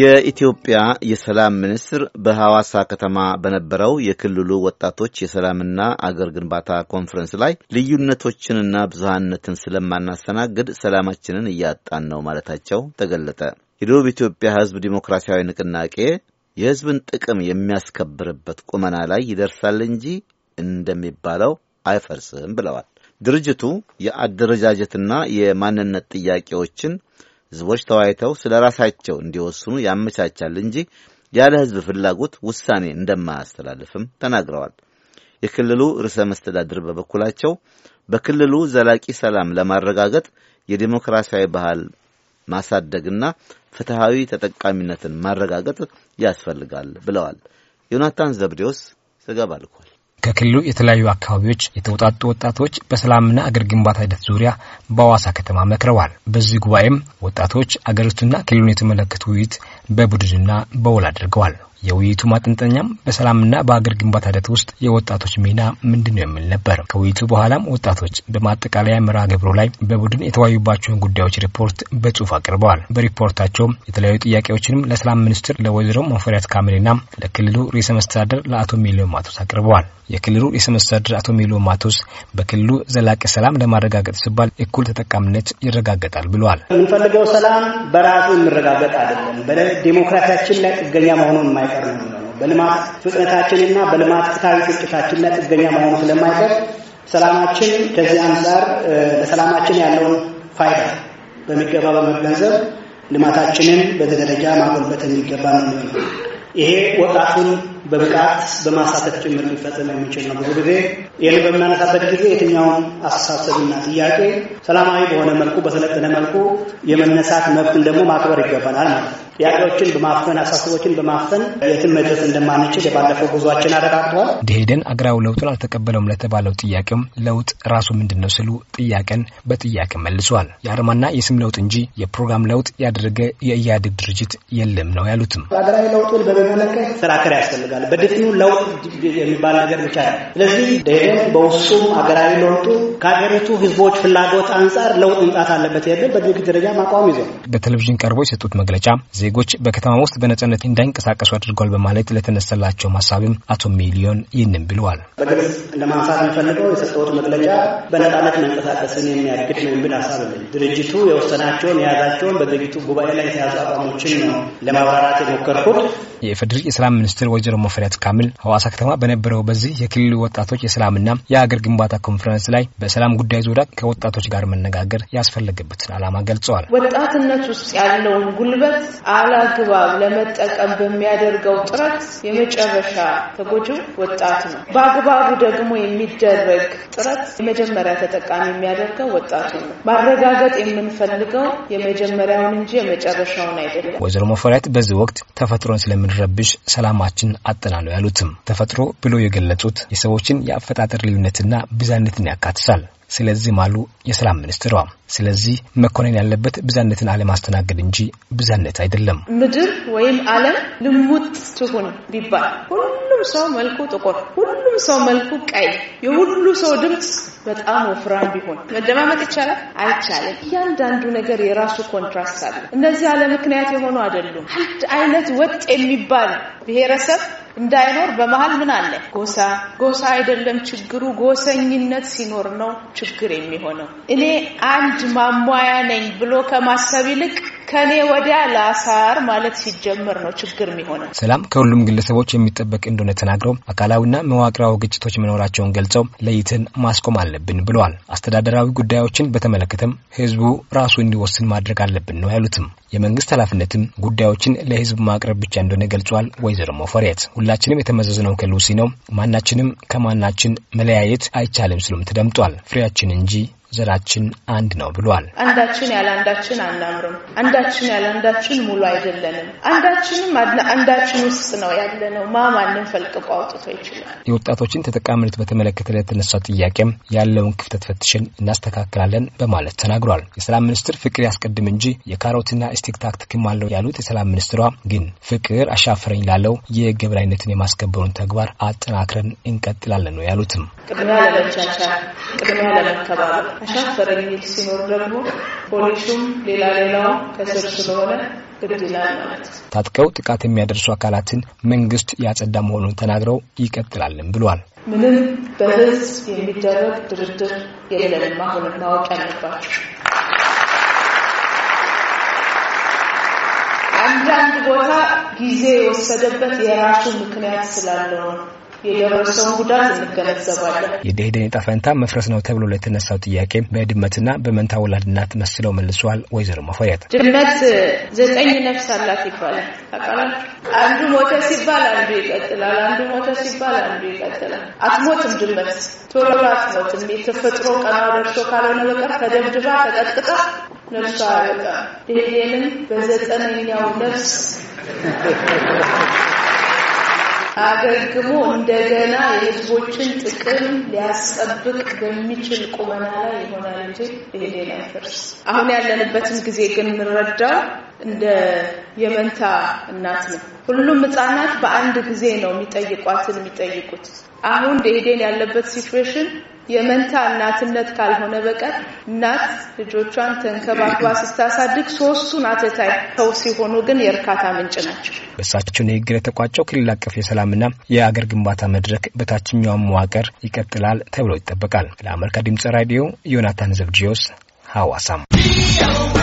የኢትዮጵያ የሰላም ሚኒስትር በሐዋሳ ከተማ በነበረው የክልሉ ወጣቶች የሰላምና አገር ግንባታ ኮንፈረንስ ላይ ልዩነቶችንና ብዙሃንነትን ስለማናስተናግድ ሰላማችንን እያጣን ነው ማለታቸው ተገለጠ። የደቡብ ኢትዮጵያ ሕዝብ ዲሞክራሲያዊ ንቅናቄ የሕዝብን ጥቅም የሚያስከብርበት ቁመና ላይ ይደርሳል እንጂ እንደሚባለው አይፈርስም ብለዋል። ድርጅቱ የአደረጃጀትና የማንነት ጥያቄዎችን ህዝቦች ተወያይተው ስለ ራሳቸው እንዲወስኑ ያመቻቻል እንጂ ያለ ህዝብ ፍላጎት ውሳኔ እንደማያስተላልፍም ተናግረዋል። የክልሉ ርዕሰ መስተዳድር በበኩላቸው በክልሉ ዘላቂ ሰላም ለማረጋገጥ የዲሞክራሲያዊ ባህል ማሳደግና ፍትሐዊ ተጠቃሚነትን ማረጋገጥ ያስፈልጋል ብለዋል። ዮናታን ዘብዴዎስ ዘገባ ልኳል። ከክልሉ የተለያዩ አካባቢዎች የተውጣጡ ወጣቶች በሰላምና አገር ግንባታ ሂደት ዙሪያ በአዋሳ ከተማ መክረዋል። በዚህ ጉባኤም ወጣቶች አገሪቱና ክልሉን የተመለከቱ ውይይት በቡድንና በውል አድርገዋል። የውይይቱ ማጠንጠኛም በሰላምና በአገር ግንባታ ሂደት ውስጥ የወጣቶች ሚና ምንድን ነው የሚል ነበር። ከውይይቱ በኋላም ወጣቶች በማጠቃለያ መርሃ ግብሩ ላይ በቡድን የተወያዩባቸውን ጉዳዮች ሪፖርት በጽሁፍ አቅርበዋል። በሪፖርታቸውም የተለያዩ ጥያቄዎችንም ለሰላም ሚኒስትር ለወይዘሮ ሙፈሪያት ካሚልና ለክልሉ ርዕሰ መስተዳደር ለአቶ ሚሊዮን ማቶስ አቅርበዋል። የክልሉ ርዕሰ መስተዳደር አቶ ሚሊዮን ማቶስ በክልሉ ዘላቂ ሰላም ለማረጋገጥ ሲባል እኩል ተጠቃሚነት ይረጋገጣል ብለዋል። የምንፈልገው ሰላም በራሱ የሚረጋገጥ አይደለም፣ በዲሞክራሲያችን ላይ ጥገኛ መሆኑን ስለማይቀር ነው በልማት ፍጥነታችንና በልማት ፍትሐዊ ስርጭታችን ላይ ጥገኛ መሆኑ ስለማይቀር ሰላማችን ከዚህ አንጻር ለሰላማችን ያለውን ፋይዳ በሚገባ በመገንዘብ ልማታችንን በዚህ ደረጃ ማጎልበት የሚገባ ነው ይሄ ወጣቱን በብቃት በማሳተፍ ጭምር ሊፈጸም የሚችል ነው። ብዙ ጊዜ ይህን በምናነሳበት ጊዜ የትኛውን አስተሳሰብና ጥያቄ ሰላማዊ በሆነ መልኩ በሰለጠነ መልኩ የመነሳት መብትን ደግሞ ማክበር ይገባናል ማለት ነው። ጥያቄዎችን በማፈን አሳስቦችን በማፈን የትን መድረስ እንደማንችል የባለፈው ጉዟችን አረጋግጠዋል። ደኢህዴን አገራዊ ለውጡን አልተቀበለውም ለተባለው ጥያቄም ለውጥ ራሱ ምንድን ነው ስሉ ጥያቄን በጥያቄ መልሷል። የአርማና የስም ለውጥ እንጂ የፕሮግራም ለውጥ ያደረገ የኢህአዴግ ድርጅት የለም ነው ያሉትም። አገራዊ ለውጡን በመመለከት መከራከር ያስፈልጋል። ይችላል። በድፍኑ ለውጥ የሚባል ነገር ብቻ ነው። ስለዚህ ሄደን በውሱም አገራዊ ለውጡ ከሀገሪቱ ህዝቦች ፍላጎት አንጻር ለውጥ መምጣት አለበት የሚል በድርግ ደረጃ ማቋም ይዞ በቴሌቪዥን ቀርቦ የሰጡት መግለጫ ዜጎች በከተማ ውስጥ በነጻነት እንዳይንቀሳቀሱ አድርጓል በማለት ለተነሰላቸው ሀሳብም አቶ ሚሊዮን ይህንም ብለዋል። በግልጽ ለማንሳት የሚፈልገው የሰጠሁት መግለጫ በነጻነት መንቀሳቀስን የሚያግድ ነው የሚል ሀሳብ ለ ድርጅቱ የወሰናቸውን የያዛቸውን በድርጅቱ ጉባኤ ላይ የተያዙ አቋሞችን ነው ለማብራራት የሞከርኩት። የኢፌዴሪ የሰላም ሚኒስትር ወይዘሮ ሙፈሪያት ካሚል ሐዋሳ ከተማ በነበረው በዚህ የክልሉ ወጣቶች የሰላምና የአገር ግንባታ ኮንፈረንስ ላይ በሰላም ጉዳይ ዙሪያ ከወጣቶች ጋር መነጋገር ያስፈለገበትን ዓላማ ገልጸዋል። ወጣትነት ውስጥ ያለውን ጉልበት አላግባብ ለመጠቀም በሚያደርገው ጥረት የመጨረሻ ተጎጂው ወጣት ነው። በአግባቡ ደግሞ የሚደረግ ጥረት የመጀመሪያ ተጠቃሚ የሚያደርገው ወጣቱ ነው። ማረጋገጥ የምንፈልገው የመጀመሪያውን እንጂ የመጨረሻውን አይደለም። ወይዘሮ ሙፈሪያት በዚህ ወቅት ተፈጥሮን ስለምንረብሽ ሰላማችን የተፋጠና ነው ያሉትም ተፈጥሮ ብሎ የገለጹት የሰዎችን የአፈጣጠር ልዩነትና ብዛነትን ያካትታል። ስለዚህ ማሉ የሰላም ሚኒስትሯ፣ ስለዚህ መኮነን ያለበት ብዛነትን አለማስተናገድ እንጂ ብዛነት አይደለም። ምድር ወይም ዓለም ልሙጥ ትሁን ቢባል ሁሉም ሰው መልኩ ጥቁር፣ ሁሉም ሰው መልኩ ቀይ፣ የሁሉ ሰው ድምፅ በጣም ወፍራም ቢሆን መደማመጥ ይቻላል? አይቻልም። እያንዳንዱ ነገር የራሱ ኮንትራስት አለ። እነዚህ አለ ምክንያት የሆኑ አይደሉም። አንድ አይነት ወጥ የሚባል ብሔረሰብ እንዳይኖር በመሀል ምን አለ? ጎሳ ጎሳ አይደለም ችግሩ። ጎሰኝነት ሲኖር ነው ችግር የሚሆነው። እኔ አንድ ማሟያ ነኝ ብሎ ከማሰብ ይልቅ ከኔ ወዲያ ለአሳር ማለት ሲጀመር ነው ችግር የሚሆነው። ሰላም ከሁሉም ግለሰቦች የሚጠበቅ እንደሆነ ተናግረው አካላዊና መዋቅራዊ ግጭቶች መኖራቸውን ገልጸው ለይትን ማስቆም አለብን ብለዋል። አስተዳደራዊ ጉዳዮችን በተመለከተም ህዝቡ ራሱ እንዲወስን ማድረግ አለብን ነው ያሉትም። የመንግስት ኃላፊነትም ጉዳዮችን ለህዝብ ማቅረብ ብቻ እንደሆነ ገልጿል። ወይዘሮ ሞፈሪያት ሁላችንም የተመዘዝነው ከሉሲ ነው፣ ማናችንም ከማናችን መለያየት አይቻልም ሲሉም ተደምጧል። ፍሬያችን እንጂ ዘራችን አንድ ነው ብሏል። አንዳችን ያለ አንዳችን አናምርም። አንዳችን ያለ አንዳችን ሙሉ አይደለንም። አንዳችንም አንዳችን ውስጥ ነው ያለ ነው። ማ ማንም ፈልቅቆ አውጥቶ ይችላል። የወጣቶችን ተጠቃሚነት በተመለከተ ለተነሳው ጥያቄም ያለውን ክፍተት ፈትሽን እናስተካክላለን በማለት ተናግሯል። የሰላም ሚኒስትር ፍቅር ያስቀድም እንጂ የካሮትና ስቲክ ታክቲክም አለው ያሉት የሰላም ሚኒስትሯ ግን ፍቅር አሻፈረኝ ላለው የግብር አይነትን የማስከበሩን ተግባር አጠናክረን እንቀጥላለን ነው ያሉትም ቅድሚያ ለመቻቻ ቅድሚያ ለመከባበር አሻፈረ የሚል ሲኖር ደግሞ ፖሊሱም ሌላ ሌላው ከስር ስለሆነ ታጥቀው ጥቃት የሚያደርሱ አካላትን መንግስት ያጸዳ መሆኑን ተናግረው ይቀጥላልን ብሏል። ምንም በህዝብ የሚደረግ ድርድር የለን አሁንም ማወቅ ያለባቸው አንዳንድ ቦታ ጊዜ የወሰደበት የራሱ ምክንያት ስላለው ነው። የደረሰውን ጉዳት እንገነዘባለን። የደኢህዴን ዕጣ ፈንታ መፍረስ ነው ተብሎ ለተነሳው ጥያቄ በድመትና በመንታ ወላድናት መስለው መልሷል። ወይዘሮ መፎያት። ድመት ዘጠኝ ነፍስ አላት ይባላል ታውቃለህ። አንዱ ሞተ ሲባል አንዱ ይቀጥላል፣ አንዱ ሞተ ሲባል አንዱ ይቀጥላል። አትሞትም ድመት ቶሎ አትሞትም። የተፈጥሮ ቀና ደርሶ ካልሆነ በቀር ተደብድባ ተቀጥቅጣ ነፍሷ አይወጣም። ደኢህዴንም በዘጠነኛው ነፍስ አገግሞ እንደገና የህዝቦችን ጥቅም ሊያስጠብቅ በሚችል ቁመና ላይ ይሆናል እንጂ ይሄ አሁን ያለንበትን ጊዜ ግን የምንረዳው እንደ የመንታ እናት ነው። ሁሉም ህጻናት በአንድ ጊዜ ነው የሚጠይቋትን የሚጠይቁት። አሁን ደኢዴን ያለበት ሲትዌሽን የመንታ እናትነት ካልሆነ በቀር እናት ልጆቿን ተንከባክባ ስታሳድግ ሶስቱን አተታይ ተው ሲሆኑ ግን የእርካታ ምንጭ ናቸው። በእሳቸው ንግግር የተቋጨው ክልል አቀፍ የሰላምና የአገር ግንባታ መድረክ በታችኛው መዋቅር ይቀጥላል ተብሎ ይጠበቃል። ለአሜሪካ ድምጽ ራዲዮ ዮናታን ዘብድዮስ ሐዋሳም